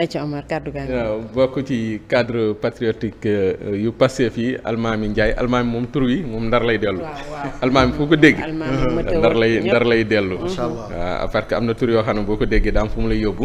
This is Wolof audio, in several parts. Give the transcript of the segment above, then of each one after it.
Aïcha Omar kaddu bokk ci cadre patriotique euh, yu passé fii almaami Ndiaye almaami moom tur wi moom ndar lay dellu. almaami fu ko dégg. Euh, ndar lay ndar lay dellu. waaw parce que am na tur yoo xam ne boo ko déggee daam fu mu lay yóbbu.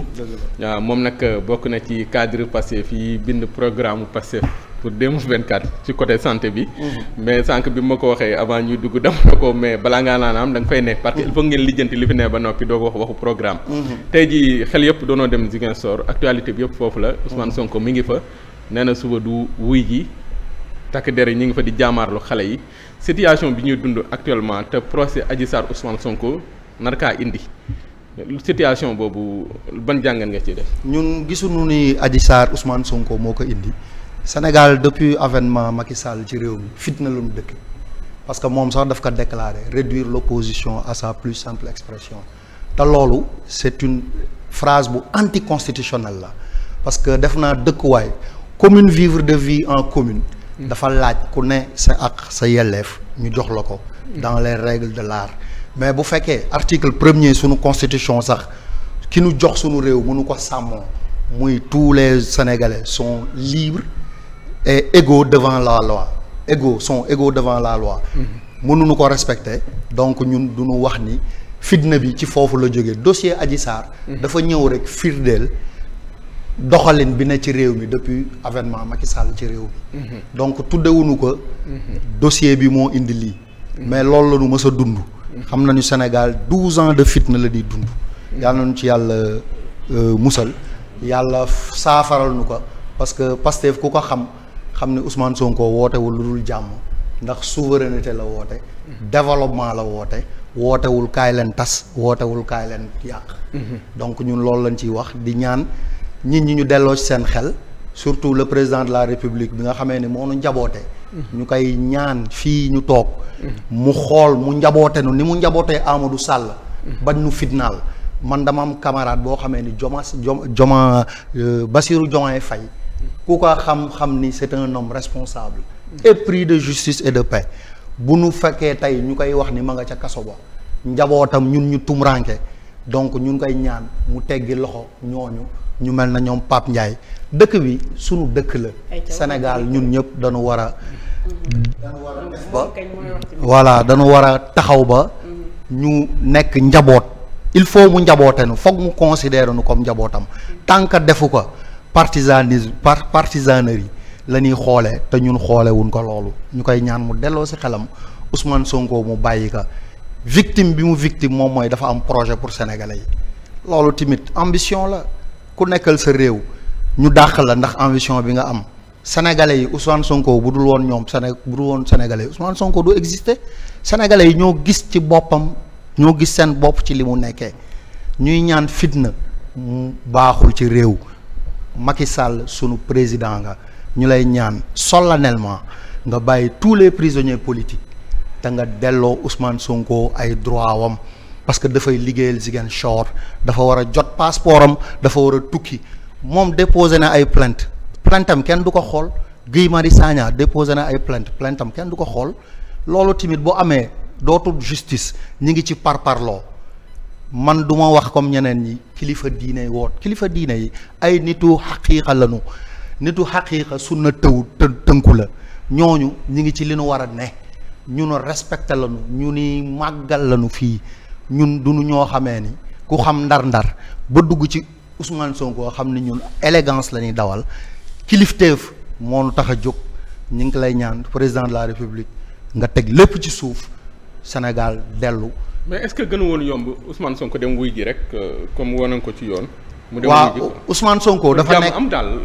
moom nag euh, bokk na ci cadre passé fii bind programme passé. pour 2024 ci côté santé bi. Mhm. mais sànq bi ma ko waxee avant ñuy dugg dama ne ko mais balaa ngaa naan am da koy ne nekk. parce que il ngeen lijjanti li fi ne ba noppi doo ko wax waxu programme. Mhm. tey jii xel yëpp doonoo dem Ziguinchor actualité bi yëpp foofu la. Ousmane mhm. Sonko mi ngi fa nee na suba du wuy ji takk der yi ñu ngi fa di jaamaarlu xale yi situation bi ñuy dund actuellement te procès Adji Sarr Ousmane Sonko nar kaa indi. situation boobu ban jàngat nga ci def. ñun gisuñu ni Adji Sarr Ousmane Sonko moo ko indi. Sénégal depuis avènement Macky Sall ci réew mi fitna lu mu dëkk parce que moom sax daf ko déclarer réduire l'opposition à sa plus simple expression te loolu c'est une phrase bu anticonstitutionnelle la parce que def naa dëkkuwaay commune vivre de vie en commune dafa laaj ku ne sa ak sa yelleef ñu jox la ko dans les règles de l'art mais bu fekkee article premier suñu constitution sax ki nu jox suñu réew mënu ko sàmmoo muy tous les sénégalais son libres est égaux devant la loi égaux son égaux devant la loi mm-hmm. mënuñu ko respecter donc ñun duñu wax ni fitna bi ci foofu la jóge dossier Adji Sarr mm-hmm. dafa ñëw rek firndeel doxalin bi ne ci réew mi depuis avènement Macky Sall ci réew mi mm-hmm. donc tuddewuñu ko dossier bi moo indi lii mais loolu la ñu mës a dund xam na nañu Sénégal douze ans de fitna la di dund yàlla nañu ci yàlla euh, musal yàlla saafaral nu ko parce que Pastef ku ko xam xam ne Ousmane Sonko wootewul lu dul jàmm ndax souveraineté la woote développement la woote wootewul kaay leen tas wootewul kaay leen yàq donc ñun loolu lañ ciy wax di ñaan nit ñi ñu delloo ci seen xel surtout le président de la république bi nga xamee ne moo nu njaboote ñu koy ñaan fii ñu toog mu xool mu njaboote nu ni mu njabootee Amadou Sall bañ nu fitnaal man dama am camarade boo xamee ni Joma Joma euh, basiru Diomaye fay ku ko xam-xam ni c'est un homme responsable épris de justice et de paix bu nu fekkee tey ñu koy wax ni ma nga ca kaso ba njabootam ñun ñu tumranke donc ñu ngi koy ñaan mu teggi loxo ñooñu ñu mel na ñoom Pape Ndiaye dëkk bi sunu dëkk la Sénégal ñun ñëpp dañu war a ba voilà dañu war a taxaw ba mm-hmm. ñu nekk njaboot il faut mu njaboote nu foog mu considérer nu comme njabootam tant que defu ko partisanisme par partisanerie la ñuy xoole te ñun xoole wuñ ko loolu ñu koy ñaan mu delloo si xelam Ousmane Sonko mu bàyyi ka victime bi mu victime moom mooy dafa am projet pour sénégalais yi loolu tamit ambition la ku nekkal sa réew ñu dàq la ndax ambition bi nga am sénégalais yi Ousmane Sonko bu dul woon ñoom Séné bu woon sénégalais yi Ousmane Sonko du exister sénégalais yi ñoo gis ci boppam ñoo gis seen bopp ci li mu nekkee ñuy ñaan fitna mu baaxul ci réew. Macky Sall sunu président nga ñu lay ñaan solennellement nga bàyyi tous les prisonniers politiques te nga delloo Ousmane Sonko ay droit wam parce que dafay liggéeyal si Ziguinchor dafa war a jot passeport am dafa war a tukki moom déposé na ay plainte plainte am kenn du ko xool Guy Marius Sagna déposé na ay plainte plainte am kenn du ko xool loolu tamit bu amee dootul justice ñi ngi ci par par loo man duma wax comme ñeneen ñi kilifa diine woot kilifa diine yi ay nitu xaqiiqa lañu nitu xaqiiqa sunna tëw tënku la ñooñu ñi ngi ci li nu war a ne ñunu nu respecté lañu ñu ni màggal lañu fii ñun du ñu ñoo xamee ni ku xam ndar-ndar ba dugg ci Ousmane Sonko xam ni ñun élégance la ñuy dawal kilifteef moo nu tax a jóg ñu ngi lay ñaan président de la république nga teg lépp ci suuf Sénégal dellu. mais est-ce que gën woon yomb Ousmane Sonko dem wuy ji rek euh, comme woon ko ci yoon. mu dem wuy ji waaw Ousmane Sonko dafa nekk am daal.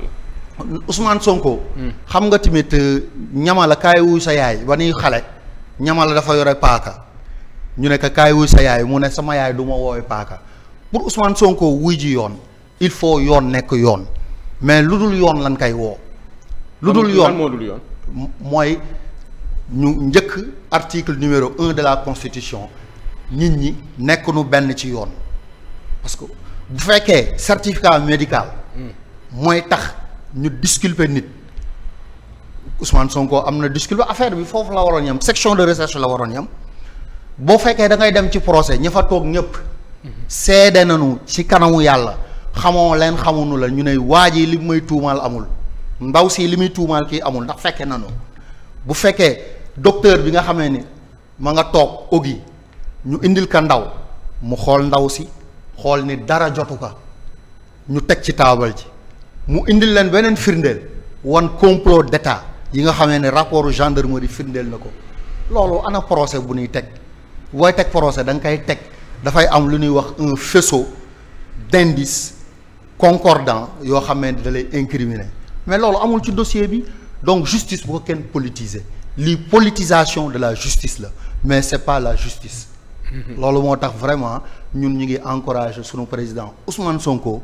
Ousmane Sonko. Hmm. xam nga tamit euh, ñamala kaay wuy sa yaay ba nuy xale. ñamala dafa yore paaka. ñu ne kaay wuy sa yaay mu ne sama yaay du ma woowee paaka pour Ousmane Sonko wuy ji yoon. il faut yoon nekk yoon. mais lu dul yoon lan kay woo. lu dul yoon moo mooy ñu njëkk article numéro un de la constitution. nit ñi nekk nu benn ci yoon parce que bu fekkee certificat médical mooy tax ñu disculper nit Ousmane Sonko am na disculper affaire bi foofu la waroon yam section de recherche la waroon yam boo fekkee dangay dem ci procès ña fa toog ñëpp seede nañu ci kanamu yàlla xamoo leen xamunu la ñu ne waa ji li may tuumaal amul ndaw si li muy tuumaal kii amul ndax fekkee nañu bu fekkee docteur bi nga xamee ni ma nga toog ogi ñu indil ka ndaw mu xool ndaw si xool ni dara jotu ko ñu teg ci taabal ji mu indil leen beneen firndeel wan complot d'état yi nga xamee ne rapport gendarmerie firndeel na ko loolu ana procès bu ñuy teg booy teg procès da nga koy teg dafay am lu ñuy wax un faisceau d'indices concordants yoo xamee ne da lay incriminer mais loolu amul ci dossier bi donc justice bu ko kenn politiser li politisation de la justice la mais c'est pas la justice loolu moo tax vraiment ñun ñu ngi encouragé suñu président Ousmane Sonko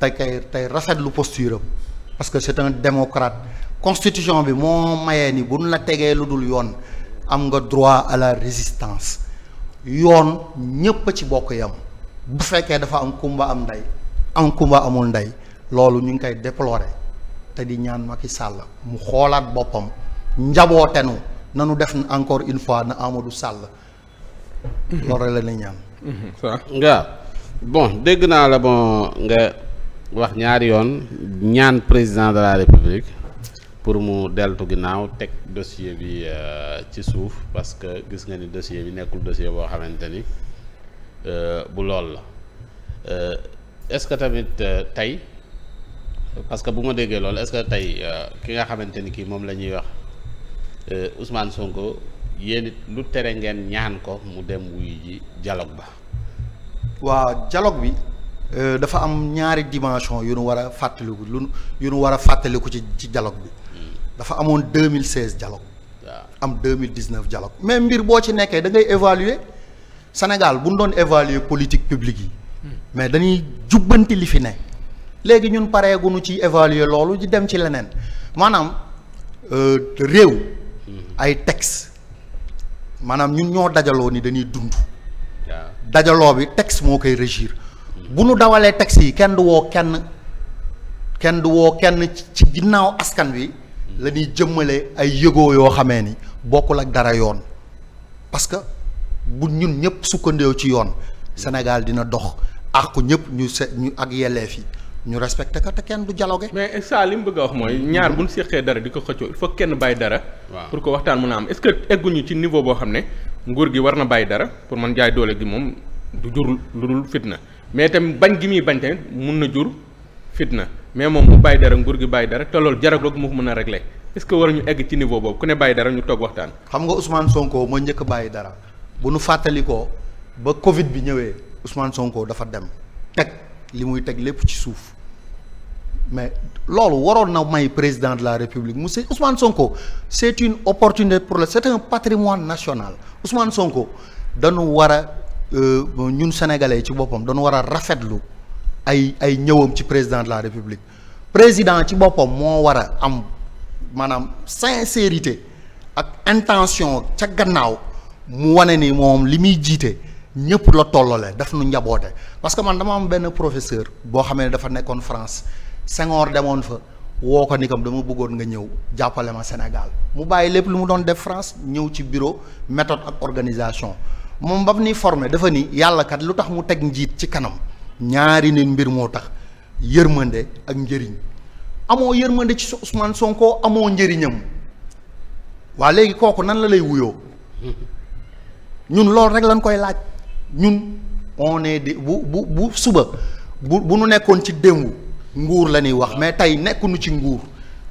tey kay tey rafetlu posture am parce que c'est un démocrate constitution bi moo mayee ni bu ñu la tegee lu dul yoon am nga droit à la résistance yoon ñépp ci bokk yam bu fekkee dafa am kumba am ndey am kumba amul ndey loolu ñu ngi koy déplorer te di ñaan Macky Sall mu xoolaat boppam njabootenu nanu def encore une fois na Amadou Sall loolu rek la ñaan. Mm-hmm. waaw bon dégg naa la bon nga wax ñaari yoon ñaan président de la république pour mu deltu ginnaaw teg dossier bi euh, ci suuf parce que gis nga ni dossier bi nekkul dossier boo xamante ni euh, bu lool la euh, est-ce que tamit tey parce que bu ma déggee loolu est-ce que tey ki nga xamante ni kii moom la ñuy wax Ousmane Sonko. yéen it lu tere ngeen ñaan ko mu dem wuy ji dialogue ba. waaw jaloog bi. Euh, dafa am ñaari dimension yu nu war a fàttaliku lu yu war a fàttaliku ci ci dialogue bi. Hmm. dafa amoon deux mille seize dialogue. am deux mille dix neuf dialogue. mais mbir boo ci nekkee dangay ngay Sénégal bu ñu doon évaluer politique publique yi. Hmm. mais dañuy jubbanti li fi ne. léegi ñun pareeguñu ci évaluer loolu di dem ci leneen maanaam euh, réew. Hmm. ay tex maanaam ñun ñoo dajaloo ni dañuy dund. dajaloo bi texte moo koy régir. Mm. bu nu dawalee texte yi kenn du woo kenn kenn du woo kenn ci ginnaaw askan wi. Mm. la ñuy jëmmale ay yëgoo yoo xamee ni bokkul ak dara yoon parce que bu ñun ñëpp sukkandoo ci yoon mm. Sénégal dina dox àqu ñëpp ñu se ñu ak yelleef yi ñu respecté ko te kenn du dialogué. mais instant li mu bëgg a wax mooy ñaar bu ñu seqee dara di ko xëccoo il faut kenn bàyyi dara. pour que waxtaan mën a am est-ce que egguñu ci niveau boo xam ne nguur gi war na bàyyi dara pour man jaay doole gi moom du jur lu dul mais tamit bañ gi muy bañ tamit mun na jur fitna mais moom bàyyi dara nguur gi bàyyi dara te loolu jaragloog moo mën a réglé est-ce que waruñu egg ci niveau boobu ku ne bàyyi dara ñu toog waxtaan. xam nga Ousmane Sonko moo njëkk bàyyi dara bu nu fàttalikoo ba Covid bi ñëwee Ousmane Sonko dafa dem teg li muy teg lépp ci suuf mais loolu waroon na may président de la république monsieur Ousmane Sonko c' est une opportunité pour le c' est un patrimoine national Ousmane Sonko dañu war a euh, ñun sénégalais ci boppam dañu war a rafetlu ay ay ñëwam ci président de la république président ci boppam moo war a am maanaam sincérité ak intention ca gannaaw mu wane ni moom li muy jiite. ñëpp la tollale daf nu njaboote parce que man dama am benn professeur boo xamee ne dafa nekkoon France sengoor demoon fa woo ko ni dama bëggoon nga ñëw jàppale ma Sénégal mu bàyyi lépp lu mu doon def France ñëw ci bureau méthode ak organisation moom ba ni formé dafa ni yàlla kat lu tax mu teg njiit ci kanam ñaari nit mbir moo tax yërmande ak njëriñ amoo yërmande ci Ousmane sonkoo amoo njëriñam waa léegi kooku nan la lay wuyoo ñun loolu rek lañ koy laaj. ñun on est de bu bu bu suba bu bu nu nekkoon ci démb nguur la ñuy wax mais tey nekkuñu ci nguur.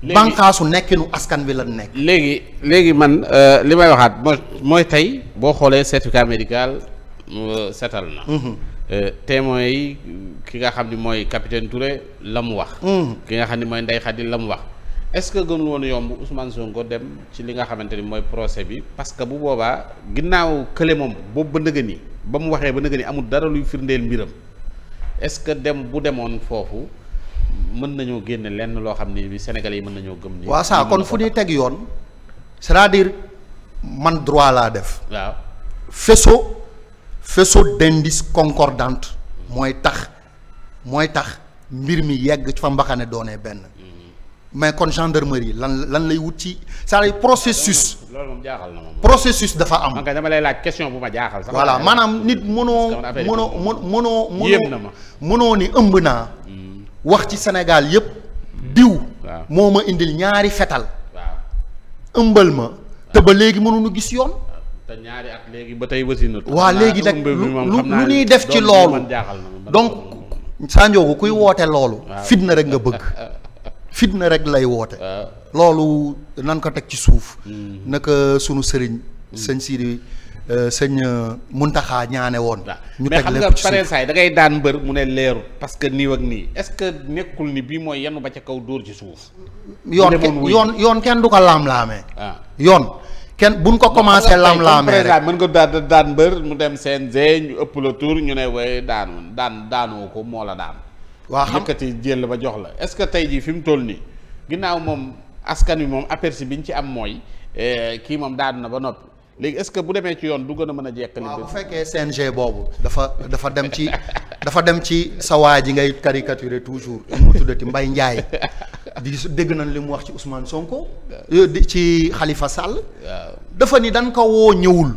léegi bànqaasu nekkinu askan bi la nekk. léegi léegi man euh, li may waxaat mooy mooy tey boo xoolee certificat médical euh, setal na. Mm -hmm. euh, témoin yi ki nga xam ni mooy capitaine Touré la mu wax. Mhm. ki nga xam ni mooy Ndeye Khady la mu wax. est-ce que gënul woon yomb Ousmane Sonko dem ci li nga xamante ni mooy procès bi parce que bu boobaa ginnaaw kële moom boobu ba ndëgën ba mu waxee ba nga ni amul dara luy firndeel mbiram est-ce que dem bu demoon foofu mën nañoo génne lenn loo xam ne bi Sénégalais yi mën nañoo gëm. ni waaw saa kon fu ñuy teg yoon. cest à man droit laa def. waaw faisceau faisceau d'indices concordante mooy tax mooy tax mbir mi yegg fa mbaxane doonee benn. mais kon gendarmerie lan lan lay wut ci c'est-à-dire processus. loolu moom jaaxal na moom processus dafa am. man kay dama lay laaj question bu ma jaaxal. sama voilà maanaam nit mënoo mënoo mënoo mënoo mënoo ni ëmb naa. Hmm. wax ci Sénégal yépp hmm. diw. moo ma indil ñaari fetal. ëmbal ma. te ah. ba léegi mënuñu gis yoon. Ah, te ñaari at léegi ba tey waa léegi nag lu lu ñuy def ci loolu. donc Sandiogou kuy woote loolu. fitna rek nga bëgg. fitna rek lay woote. loolu nan ko teg ci suuf. Hmm. naka sunu sëriñ. Hmm. sëñ sii Sidi euh, sëñ mun euh, Muntaxa ñaane woon. ñu teg lépp ci suuf mais da ngay daan mbër mu ne leeru parce que nii ak nii est-ce que nekkul ni bii mooy yenn ba ca kaw dóor ci suuf. yoon yoon yoon kenn du ko laam-laamee. Ah. yoon. kenn buñ ko commencé lam laamee rek mën nga daan daan mbër mu dem seen ñu ëpp la tour ñu ne way daanu daan daanoo ko moo la daan waa xam yëkkati jël ba jox la est-ce que tey jii fi mu toll nii ginnaaw moom askan wi moom aperçu bi ñu ci am mooy eh, kii moom daanu na ba noppi léegi est-ce que bu demee ci yoon du gën a mën a jekkali waaw bu fekkee CNG boobu dafa dafa dem ci dafa dem ci sa ji ngay caricaturer toujours mu tuddati Mbaye Ndiaye dégg nañ li mu wax ci Ousmane Sonko euh, ci Khalifa Sall dafa ni dan ko woo ñëwul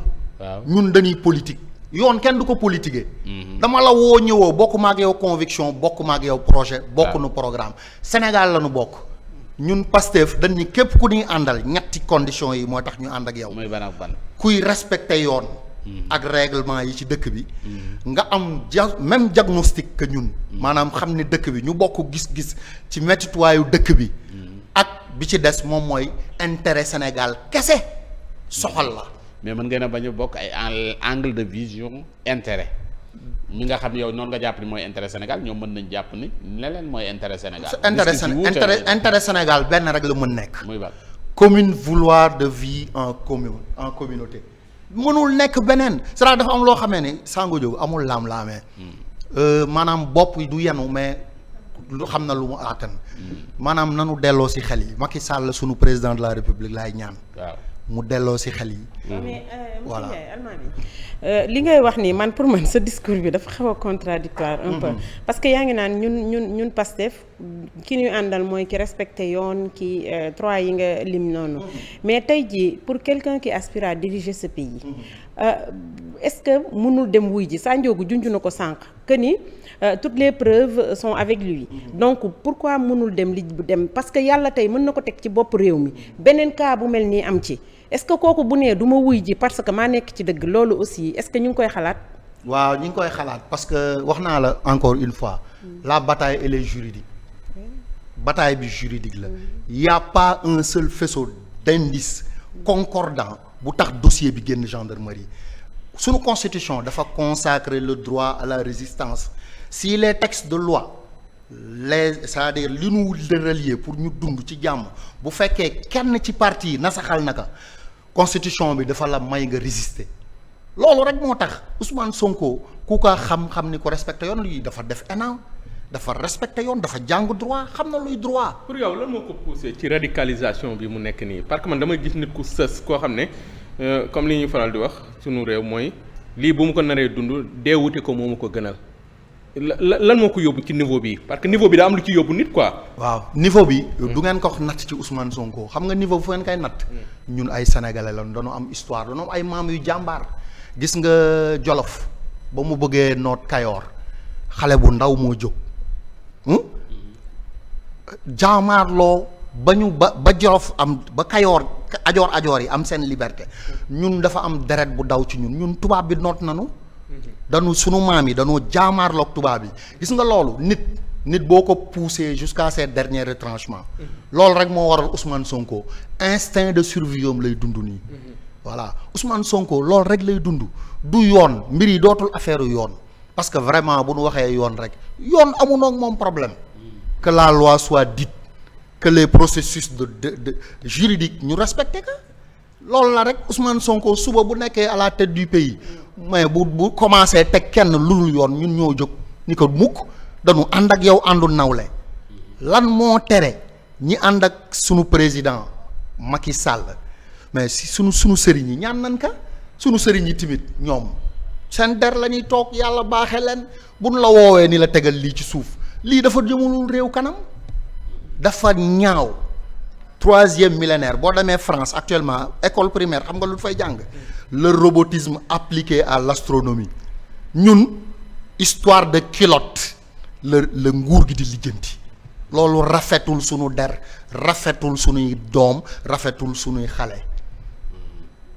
ñun dañuy politique yoon kenn du ko politiquer. Mhm. dama la woo ñëwoo bokk ma ak yow conviction bokk ma ak projet. bokku nu programme Sénégal la nu bokk. ñun Pastef dañ ni képp ku ñuy àndal ñetti conditions yi moo tax ñu ànd ak yow. mooy ban ak ban kuy respecter yoon. Mhm. ak règlement yi ci dëkk bi. Mhm. nga am ja même diagnostic que ñun. maanaam xam ne dëkk bi ñu bokk gis-gis ci métituwaayu dëkk bi. ak bi ci des moom mooy intérêt Sénégal kese soxal la. mais mën ngeen a bañ bokk ay angle de vision intéret mi nga xam yow noonu nga jàpp ni mooy intérêt Sénégal ñoom mën nañ jàpp ni leneen mooy intérêt Sénégal. intérêt intérêt Sénégal benn rek la mën nekk. muy commune vouloir de vie en commune en communauté. mënul nekk beneen cest dafa am loo xamee ni Sango Diop amul laam-laamee. Hmm. Euh, maanaam bopp du yenu mais lu xam na lu mu aatan hmm. maanaam nanu delloo si xel yi Macky Sall sunu président de la République laay ñaan. mu delloo si xel yi. Mm. Euh, euh, li ngay wax nii man pour man sa discours bi dafa xaw a contradictoire un mm-hmm. peu parce que yaa ngi naan ñun ñun ñun Pastef ki nuy àndal mooy ki respecté yoon ki trois euh, yi nga lim noonu. Mm-hmm. mais tey jii pour quelqu'un qui aspire à diriger ce pays. Mm-hmm. est-ce que mënul dem wuy ji Sa Ndiogou junj na ko sànq que ni. Euh, toutes les preuves son avec lui donc pourquoi mënul dem li dem parce que yàlla tey mën na ko teg ci bopp réew mi beneen cas bu mel nii am ci est-ce que kooku bu nee du ma wuy ji parce que maa nekk ci dëgg loolu aussi est-ce que ñu ngi koy xalaat waaw ñu ngi koy xalaat parce que wax naa la encore une fois hmm. la bataille elle est juridique bataille bi juridique la hmm. y a pas un seul faisceau d'indice concordant bu tax dossier bi génn gendarmerie sunu constitution dafa consacrer le droit la résistance si les textes de loi les c'est-à-dire li nu relier pour ñu dund ci jàmm bu fekkee kenn ci parti yi nasaxal naka constitution bi dafa la may nga résister loolu rek moo tax Ousmane Sonko ku ko xam-xam ni ko respecté yoon lii dafa def ENA dafa respecté yoon dafa jàng droit xam na luy droit. pour yow lan moo ko poussé ci radicalisation bi mu nekk nii parce que man damay gis nit ku sës koo xam ne euh, comme li ñuy faral di wax sunu réew mooy lii bu mu ko naree dund deewute ko moomu ko gënal. lan moo ko yóbbu ci niveau bi parce que niveau bi daa am lu ci yóbbu nit ko waaw niveau bi. Hmm. du ngeen ko natt ci Ousmane Sonko xam nga niveau bu fu ngeen koy natt. Hmm. ñun ay sénégalais lan dañoo am histoire dañoo am ay maam yu jàmbaar. gis nga Jolof ba mu bëggee noot Kayoor xale bu ndaw moo jóg. Hmm? jaamaarloo ba ñu ba ba Jolof am ba Kayoor ajoor ajoor yi am seen liberté ñun dafa am deret bu daw ci ñun ñun tubaab bi noot nanu dañu sunu maam yi dañoo jaamaarloog tubaab yi gis nga loolu nit nit boo ko poussé jusqu'à ses derniers retranchements loolu rek moo waral Ousmane Sonko instinct de survie am lay dund nii voilà Ousmane Sonko loolu rek lay dund du yoon mbir yi dootul affaire yoon parce que vraiment bu nu waxee yoon rek yoon amuñoo ak moom problème que la loi soit dite que les processus de de de juridique ñu respecté que loolu la rek Ousmane Sonko suba bu nekkee à la tête du pays. mais bu bu commencé teg kenn lu ludul yoon ñun ñoo jóg ni ko mukk dañu ànd ak yow àndu nawle lan moo tere ñi ànd ak sunu président Macky sàll mais si sunu sunu sëriñ yi ñaan nan ka sunu sëriñ yi tamit ñoom seen der la ñuy toog yàlla baaxe leen buñ la woowee ni la tegal lii ci suuf lii dafa jëmalul réew kanam dafa ñaaw troisième millénaire boo demee France actuellement école primaire xam nga lu fay jàng le robotisme appliqué à l'astronomie ñun histoire de culotte la la nguur gi di lijjanti loolu rafetul sunu der rafetul sunuy doom rafetul sunuy xale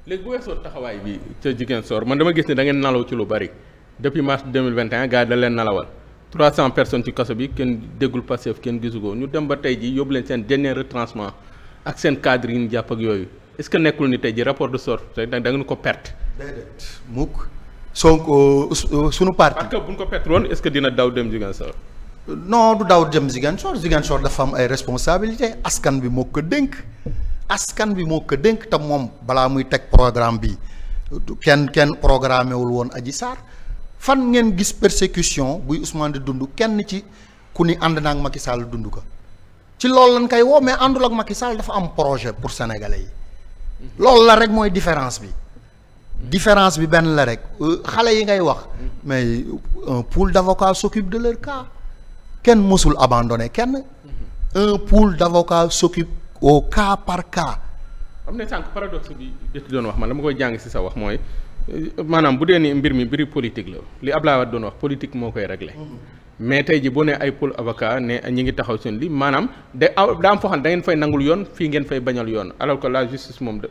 léegi bu weesoo taxawaay bi ca jigéen soor man dama gis ne da nalaw ci lu bari depuis mars 2021 gars yi da leen nalawal 300 personnes ci kaso bi kenn déggul Pastef kenn gisu ko ñu dem ba tey ji yóbbu seen dernier retranchement ak seen cadre yi nu jàpp ak yooyu est-ce que nekkul ni tey ji rapport de sorte tey da ngeen ko perte. déedéet mukk Sonko euh, sunu parti. parce que bu ñu ko perte woon est-ce que dina daw dem Ziguinchor. non du daw dem Ziguinchor Ziguinchor dafa am ay responsabilité askan bi moo ko dénk askan bi moo ko dénk te moom balaa muy teg programme bi kenn kenn programmé wul woon Adji Sarr fan ngeen gis persécution buy Ousmane di dund kenn ci ku ni ànd naa ak Macky Sall dund ko. ci loolu lan koy woo mais àndul ak Macky Sall dafa am projet pour sénégalais yi loolu la rek mooy différence bi différence bi benn la rek euh, xale yi ngay wax mais un pool d'avocats s'occupe de leur cas kenn mësul abandonné kenn un pool d'avocats s'occupe au cas par cas am na sànq paradoxe bi dëkk doon wax man la ma koy jàng ci sa wax mooy euh, maanaam bu dee ni mbir mi mbiri politique la li Abdoulaye Wade doon wax politique moo koy réglé mais tey ji boo nee ay pôle avocat ne ñi ngi taxaw seen li maanaam da daa am foo xam ne da ngeen fay nangul yoon fii ngeen fay bañal yoon alors ko la justice moom de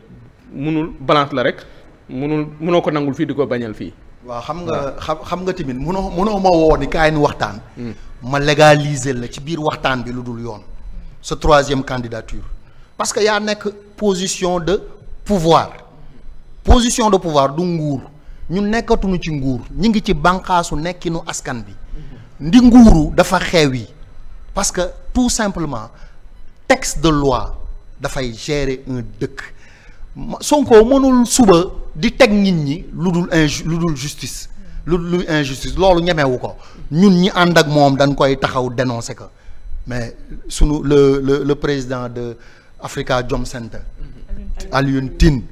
munul balance la rek munul munoo ko nangul fii di ko bañal fii. waaw xam nga xam xam nga tamit munoo munoo ma woo ni kaay nu waxtaan. Hmm. ma légaliser la ci biir waxtaan bi lu dul yoon. sa troisième candidature. parce que yaa nekk position de pouvoir position de pouvoir du nguur ñu nekkatuñu ci nguur ñu ngi ci bànqaasu nekkinu askan bi. ndi nguuru dafa yi parce que tout simplement texte de loi dafay gérer un dëkk Sonko mënul suba di teg nit ñi lu dul inju lu dul justice lu dul injustice loolu ñemewu ko ñun ñi ànd ak moom dañ koy taxaw dénoncer ko mais sunu le le le président de Africa Jom Center Alioune Tine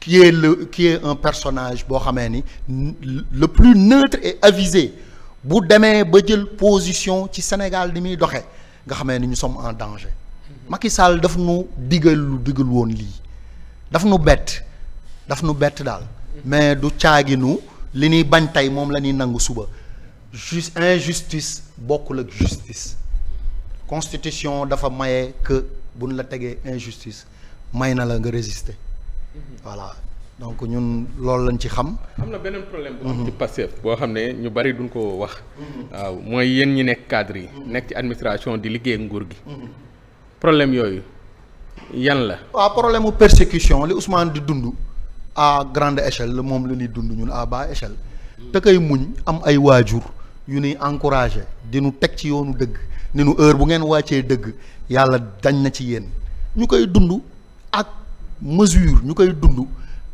ki est le ki est un personnage boo xamee ni le plus neutre et avisé bu demee ba jël position ci Sénégal ni muy doxee nga xamee ni ñu sommes en danger Macky Sall daf nu digal lu digal woon lii daf nu bett daf nu bett daal mais du caaginu li ñuy bañ tey moom la ñuy nangu suba jus injustice bokkul ak justice constitution dafa maye bu buñ la tegee injustice may na la nga résister voilà donc ñun loolu lañ ci xam. am na beneen problème. bu am boo xam ne ñu bari duñ ko wax. waaw mooy yéen ñi nekk cadre yi. nekk ci administration di liggéey nguur gi. problème yooyu yan la. waaw problème mu persécution li Ousmane di dund à grande échelle moom la dund ñun à bas échelle. te kay muñ am ay waajur yu ñuy encouragé di nu teg ci yoonu dëgg ni heure bu ngeen wàccee dëgg yàlla dañ na ci yéen ñu koy dund ak mesure ñu koy dund.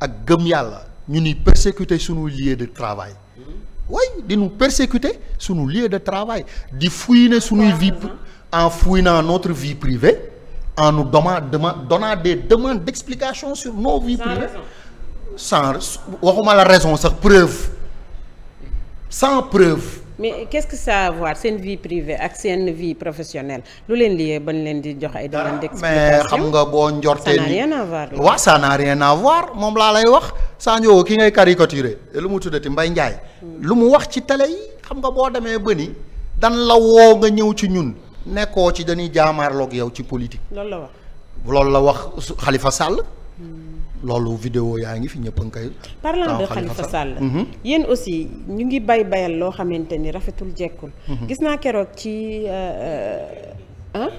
ak gëm yàlla ñu ni persécuter sunu lieu de travail way di ñu persécuter sunu lieu de travail di fouiner suñuy vie en fouinant notre vie privée en nous donnant des demandes d'explication sur nos vies privées sans waxuma la raison sax preuve sans preuve mais qu'est-ce que sa a seen vie privée ak seen vie professionnelle lu leen liyee ba ñu leen di jox ay demande d'explication mais xam nga boo njortee ni waaw ça n'a rien moom laa lay wax Sandio ki ngay caricaturer lu mu tuddati mbay Ndiaye hmm. lu mu wax ci télé yi xam nga boo demee bëni dan la woo nga ñëw ci ñun nekkoo ci dañuy jaamaarloog yow ci politique loolu la wax loolu la wax xalifa Sall hmm. loolu vidéo yaa ngi fi ñëpp a ngi koy. parlant de Khalifa mhm. yéen aussi ñu ngi bay bayal loo xamante ni rafetul jekkul. Mhm. gis naa keroog ci ah.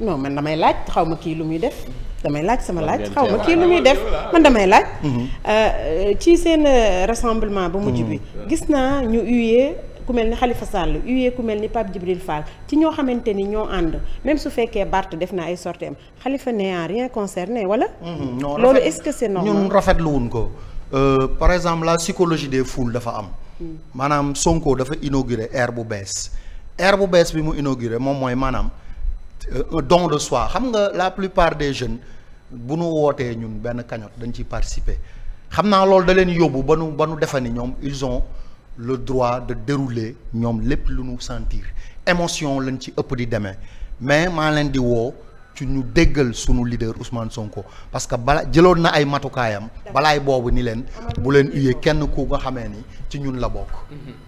non man damay laaj xaw ma kii lu muy def. damay laaj sama laaj xaw ma kii lu muy def man damay laaj. Mhm. Euh, ci seen rassemblement ba mujj bi. gis naa ñu hué. ku mel ni xalifa Sall uyee ku mel ni Pape Djibril Fall ci ñoo xamante ni ñoo ànd même su fekkee barte def na ay sorties am Khalifa n'est en rien concerné wala. Mhm, loolu est-ce que c'est normal ñun rafetlu wuñ ko. Euh, par exemple la psychologie des foules dafa am. Hmm. maanaam Sonko dafa inauguré ère bu bees. ère bu bees bi mu inauguré moom mooy maanaam euh, don de soi xam nga la plupart des jeunes bu nu wootee ñun benn cagnotte dañ ciy participer xam naa lool da leen yóbbu ba nu ba nu defa ni ñoom ils ont. le droit de dérouler ñoom lépp lu nu sentir émotion lañ ci ëpp di demee mais maa leen di woo ci ñu déggal sunu leader Ousmane Sonko parce que bala jëloon na ay matukaayam balaay boobu ni leen bu leen uyee kenn ku nga xamee ni ci ñun la bokk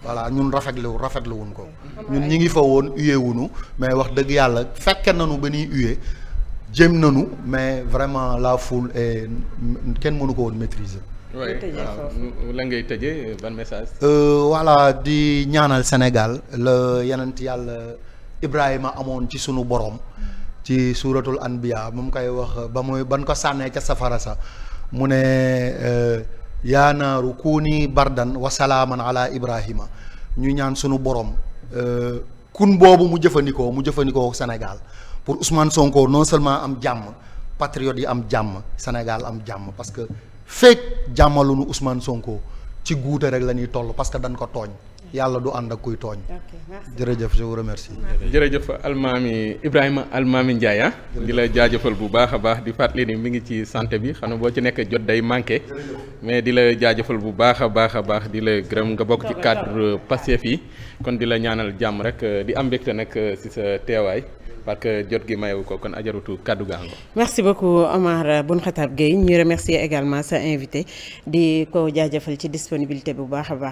voilà ñun rafetlu rafetlu wun ko ñun ñi ngi fa woon uyee wuñu mais wax dëgg yàlla fekke nañu ba ñuy uyee jëm nañu mais vraiment la foule est kenn mënu ko woon maîtriser Ah, la ngay tëjee ban message. Euh, voilà di ñaanal Sénégal la yenent yàlla Ibrahima amoon ci sunu borom ci suuratul anbiya mu koy wax ba muy ban ko sànnee ca safara sa mu ne euh, yaa naaru kuuni bardan wa salaaman ala Ibrahima ñu ñaan sunu borom. Euh, kun boobu mu jëfandikoo mu jëfandikoo Sénégal pour Ousmane Sonko non seulement am jàmm patriote yi am jàmm Sénégal am jàmm parce fekk jàmmaluñu Ousmane Sonko ci guute rek la ñuy toll parce que dañ ko tooñ yàlla du ànd ak kuy tooñ. jërëjëf je vous remercie. jërëjëf almaami Ibrahima almaami Ndiaye ah. di la jaajëfal bu baax a baax di fàttali ni mi ngi ci santé bi xam ne boo ci nekk jot day manqué. mais di la jaajëfal bu baax a baax a baax di la gërëm nga bokk ci cadre Pastef yi kon di la ñaanal jàmm rek di am mbégte nag si sa teewaay. parce que jot gi mayewu ko kon ajarutu kàddu gaango merci beaucoup Omar Bun Khatab Gueye ñu remercier également sa invité di ko jaajëfal ci disponibilité bu baax a baax